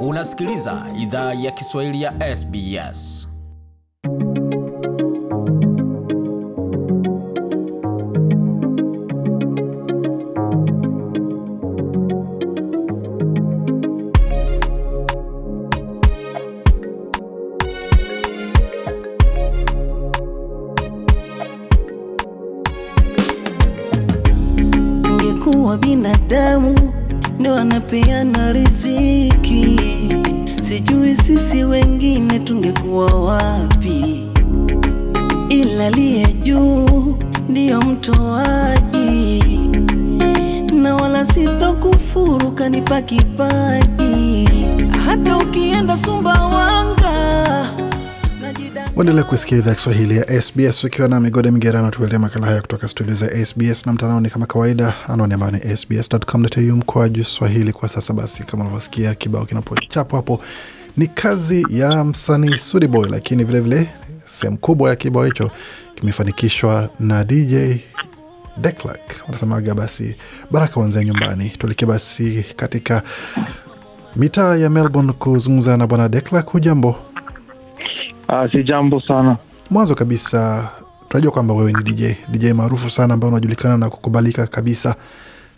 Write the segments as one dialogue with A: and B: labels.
A: Unasikiliza idhaa ya Kiswahili ya SBS. binadamu ndio wanapeana riziki. Sijui sisi wengine tungekuwa wapi, ila aliye juu ndiyo mtoaji, na wala sitokufuru kanipa kipaji. Hata ukienda Sumbawanga uendelea kusikia idhaa ya Kiswahili ya SBS ukiwa na migode migerano, tukuletea makala haya kutoka studio za SBS na mtandaoni kama kawaida, anwani ambayo ni sbs.com.au mkoaju swahili. Kwa sasa basi, kama unavyosikia kibao kinapochapo hapo, ni kazi ya msanii Sudiboy, lakini vilevile sehemu kubwa ya kibao hicho kimefanikishwa na DJ Declark. Wanasemaga basi baraka wanzia nyumbani. Tuelekee basi katika mitaa ya Melbourne kuzungumza na bwana Declark. Hujambo?
B: Uh, si jambo sana.
A: Mwanzo kabisa tunajua kwamba wewe ni DJ, DJ maarufu sana ambaye unajulikana na kukubalika kabisa.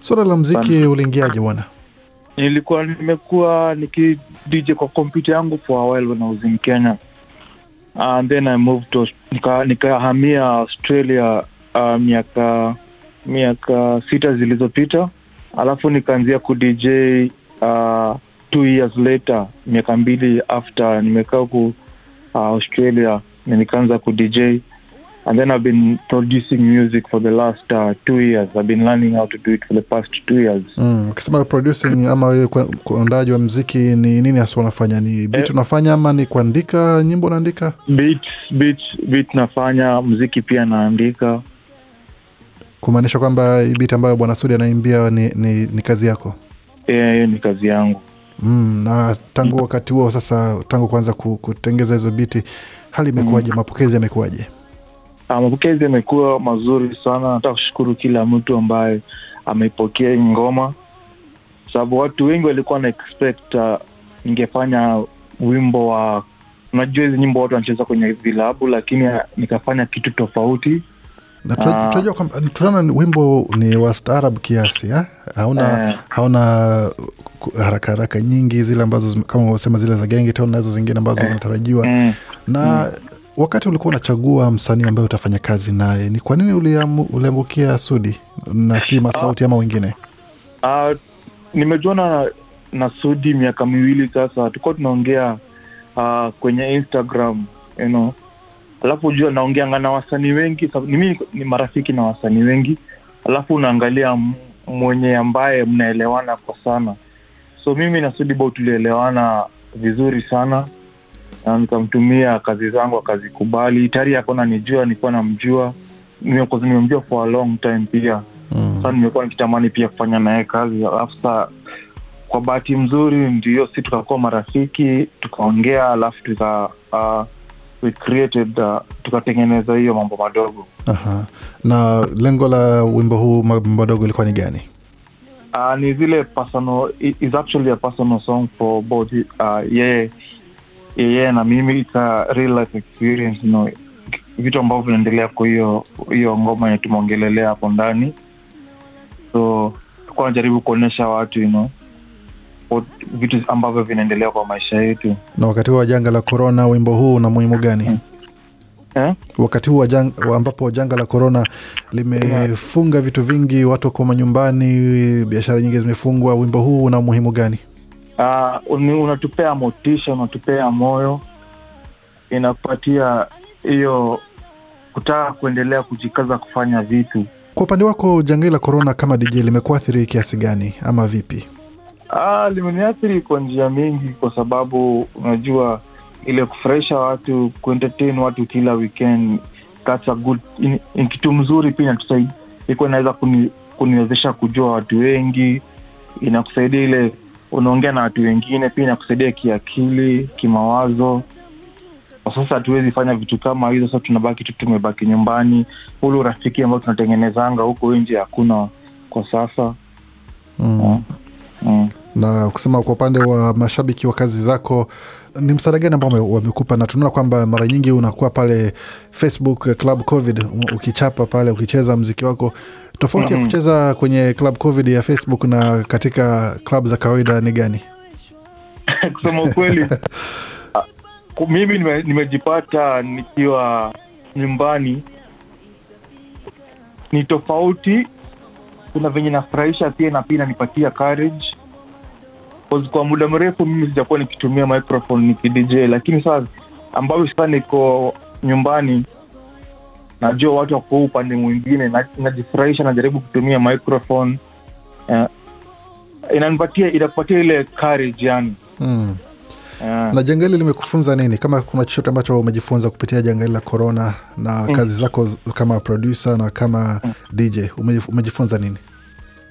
A: Swala la mziki uliingiaje bwana?
B: Nilikuwa nimekuwa niki DJ kwa kompyuta yangu for a while when I was in Kenya. Uh, ah, And then I moved to nikahamia nika Australia uh, miaka miaka sita zilizopita, alafu nikaanzia ku DJ uh, two years later, miaka mbili after nimekaa ku uh, Australia na nikaanza ku DJ and then I've been producing music for the last uh, two years. I've been learning how to do it for the past two years.
A: Mm, ukisema producing ama wewe kuandaji wa mziki ni nini hasa unafanya? Ni beat eh. unafanya ama ni kuandika nyimbo unaandika? Beat, beat,
B: beat nafanya, mziki pia naandika.
A: Kumaanisha kwamba beat ambayo Bwana Sudi anaimbia ni, ni, ni kazi yako?
B: Eh, yeah, ni kazi yangu.
A: Mm, na tangu wakati huo sasa, tangu kuanza kutengeza hizo biti, hali imekuwaje? Mm. Mapokezi yamekuwaje?
B: Ah, mapokezi yamekuwa mazuri sana. Nataka kushukuru kila mtu ambaye ameipokea hii ngoma, sababu watu wengi walikuwa na expect uh, ningefanya wimbo wa, unajua hizi nyimbo watu wanacheza kwenye vilabu, lakini ah, nikafanya kitu tofauti
A: na tunajua ah. kwamba tunaona wimbo ni wa staarab kiasi ha? Ah? hauna, eh, hauna haraka haraka nyingi zile ambazo kama wasema zile za genge tena nazo zingine ambazo eh, zinatarajiwa mm, na mm. Wakati ulikuwa unachagua msanii ambaye utafanya kazi naye, ni kwa nini uliambukia Sudi na si ah. Masauti ama wengine?
B: Uh, nimejuana na, Sudi miaka miwili sasa, tukuwa tunaongea uh, kwenye Instagram you know alafu jua naongeanga na wasanii wengi mimi ni marafiki na wasanii wengi alafu unaangalia mwenye ambaye mnaelewana kwa sana so mimi na Sudibo tulielewana vizuri sana na nikamtumia kazi zangu akazikubali tayari akona nijua nikuwa namjua nimemjua for a long time pia mm. sasa nimekuwa nikitamani pia kufanya naye kazi alafu saa kwa bahati mzuri ndio si tukakuwa marafiki tukaongea alafu tuka uh, we created uh, tukatengeneza hiyo mambo madogo
A: Aha. na lengo la wimbo huu mambo madogo ilikuwa ni gani
B: uh, ni zile personal is actually a personal song for both uh, ah, yeye yeye na mimi it's a real life experience you know, vitu ambavyo vinaendelea kwa hiyo hiyo ngoma yenye tumeongelelea hapo ndani so tukuwa najaribu kuonyesha watu you know, vitu ambavyo vinaendelea kwa maisha yetu.
A: Na wakati huu wa janga la korona, wimbo huu una muhimu gani? hmm. Eh? Wakati huu ambapo janga la korona limefunga vitu vingi, watu wako manyumbani, biashara nyingi zimefungwa, wimbo huu una umuhimu gani?
B: Uh, unatupea motisha, unatupea moyo, inakupatia hiyo kutaka kuendelea kujikaza kufanya vitu.
A: Kwa upande wako, janga la korona kama DJ limekuathiri kiasi gani ama vipi?
B: Ah, limeniathiri kwa njia mingi, kwa sababu unajua ile kufresha watu, kuentertain watu kila weekend, that's a good in, kitu mzuri pia, iko inaweza kuniwezesha kujua watu wengi, inakusaidia ile unaongea na watu wengine, pia inakusaidia kiakili, kimawazo. Kwa sasa hatuwezi fanya vitu kama hizo, sasa tunabaki tu tumebaki nyumbani. Ule urafiki ambao tunatengenezanga huko nje hakuna kwa sasa
A: mm. Ah. Mm. Na kusema kwa upande wa mashabiki wa kazi zako, ni msaada gani ambao wamekupa? Na tunaona kwamba mara nyingi unakuwa pale Facebook eh, Club Covid ukichapa pale ukicheza mziki wako tofauti mm -hmm. ya kucheza kwenye Club Covid ya Facebook na katika club za kawaida ni gani?
B: kusema ukweli mimi nimejipata nikiwa nyumbani ni tofauti kuna venye nafurahisha pia na pia inanipatia courage kwa muda mrefu mimi sijakuwa nikitumia microphone nikidj lakini sasa ambavyo sasa niko nyumbani najua watu wako upande mwingine najifurahisha najaribu kutumia microphone uh, inanipatia inapatia ile courage yani
A: mm yeah. Na janga hili limekufunza nini, kama kuna chochote ambacho umejifunza kupitia janga hili la korona na mm. kazi zako kama producer na kama mm. DJ umejifunza nini?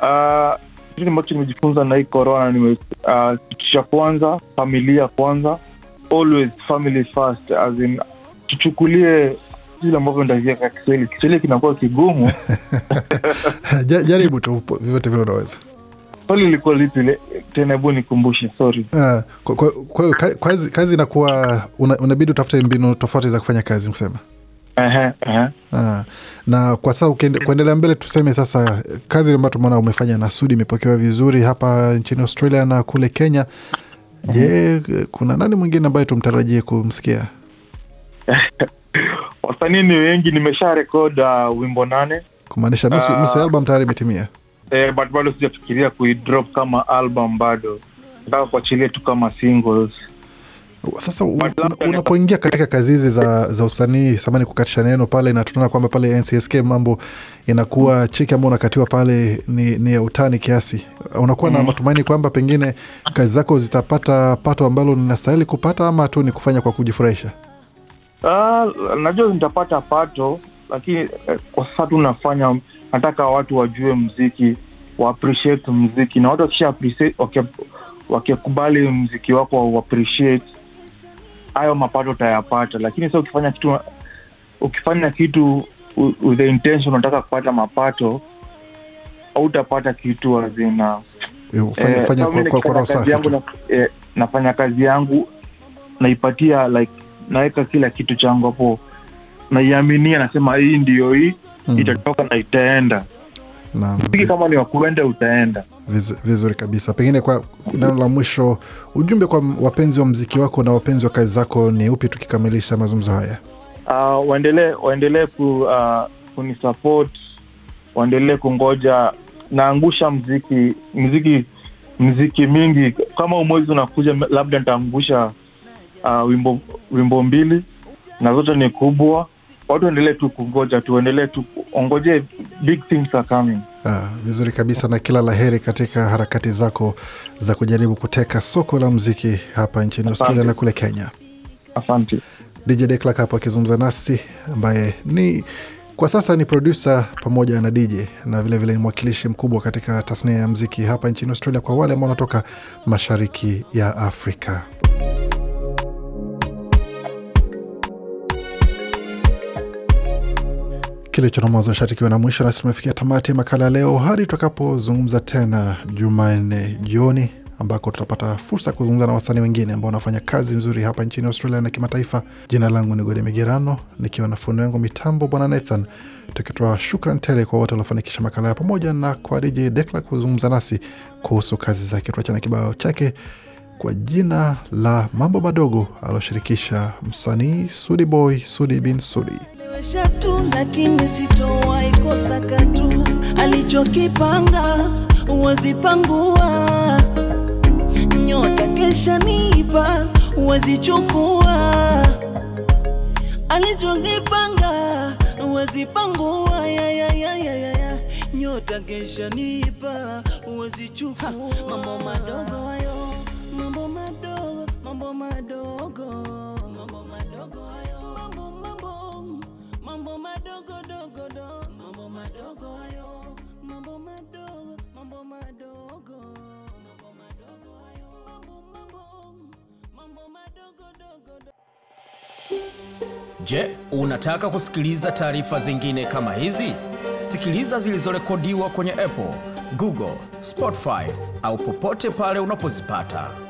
B: Uh, kitu ambacho nimejifunza na hii korona nime, ah, kitu cha kwanza familia kwanza, always family first, as in tuchukulie vile ambavyo ndavieka Kiswahili. Kiswahili kinakuwa kigumu jaribu tu vyovyote vile unaweza swali ilikuwa lipi tena? Hebu nikumbushe, sorry.
A: Uh, kwa hiyo kazi, kazi inakuwa una, unabidi utafute mbinu tofauti za kufanya kazi kusema
B: Aha, aha.
A: Aha. Na kwa sasa kuendelea mbele, tuseme sasa kazi ambayo tumeona umefanya na Sudi imepokewa vizuri hapa nchini Australia na kule Kenya. Je, kuna nani mwingine ambaye tumtarajie kumsikia?
B: Wasanii ni wengi, nimesha rekod uh, wimbo nane, kumaanisha nusu ah.
A: album tayari imetimia
B: eh, but bado sijafikiria kuidrop kama album, bado nataka kuachilia tu kama singles.
A: Sasa unapoingia katika kazi hizi za, za usanii, samani kukatisha neno pale, na tunaona kwamba pale NCSK mambo inakuwa cheki ambao unakatiwa pale ni, ni ya utani kiasi, unakuwa mm. na mm-hmm. matumaini kwamba pengine kazi zako zitapata pato ambalo ninastahili kupata ama tu ni kufanya kwa kujifurahisha?
B: Uh, najua nitapata pato, lakini eh, kwa sasa tu nafanya nataka watu wajue mziki wa mziki na watu wakisha wakikubali mziki wako wa hayo mapato utayapata lakini sa ukifanya kitu ukifanya kitu with the intention unataka kupata mapato autapata kitu wazina
A: eh, eh,
B: eh, nafanya kazi yangu naipatia like naweka kila kitu changu hapo naiaminia nasema hii ndio hii mm. itatoka na itaenda Naam. Kama ni wakuenda utaenda
A: vizuri kabisa. Pengine kwa neno la mwisho, ujumbe kwa wapenzi wa mziki wako na wapenzi wa kazi zako ni upi, tukikamilisha mazungumzo haya?
B: Uh, waendelee waendelee ku, uh, kunisupport, waendelee kungoja. Naangusha mziki mziki mziki mingi, kama umwezi unakuja labda nitaangusha uh, wimbo, wimbo mbili na zote ni kubwa watu endelee tu kungoja, tuendelee tu ongoje, big things are coming.
A: Ah, vizuri kabisa na kila la heri katika harakati zako za kujaribu kuteka soko la mziki hapa nchini Australia na kule Kenya. Asante. DJ Declark hapo akizungumza nasi ambaye ni kwa sasa ni produsa pamoja na DJ na vilevile vile ni mwakilishi mkubwa katika tasnia ya mziki hapa nchini Australia kwa wale ambao wanatoka mashariki ya Afrika. kilicho na mwanzo nishati kiwa na mwisho, nasi tumefikia tamati ya makala leo, hadi tutakapozungumza tena Jumanne jioni ambako tutapata fursa ya kuzungumza na wasanii wengine ambao wanafanya kazi nzuri hapa nchini Australia na kimataifa. Jina langu ni Gode Migerano, nikiwa na fundi wangu mitambo Bwana Nathan, tukitoa shukran tele kwa wote waliofanikisha makala ya pamoja na kwa DJ Dekla kuzungumza nasi kuhusu kazi zake. Tuacha na kibao chake kwa jina la mambo madogo aliyoshirikisha msanii Sudi Boy Sudi bin Sudi nimechelewesha tu, lakini sitowahi kosa katu. Alichokipanga huwezi pangua, nyota kesha nipa huwezi chukua. Alichokipanga huwezi pangua, ya ya ya ya ya, nyota kesha nipa huwezi chukua. Mambo madogo hayo, mambo madogo,
B: mambo madogo, mambo madogo mambo madogo dogo do, mambo madogo hayo, mambo madogo, mambo madogo, mambo madogo hayo, mambo mambo,
A: mambo madogo dogo do. Je, unataka
B: kusikiliza taarifa zingine kama hizi? Sikiliza zilizorekodiwa kwenye Apple, Google, Spotify au popote pale unapozipata.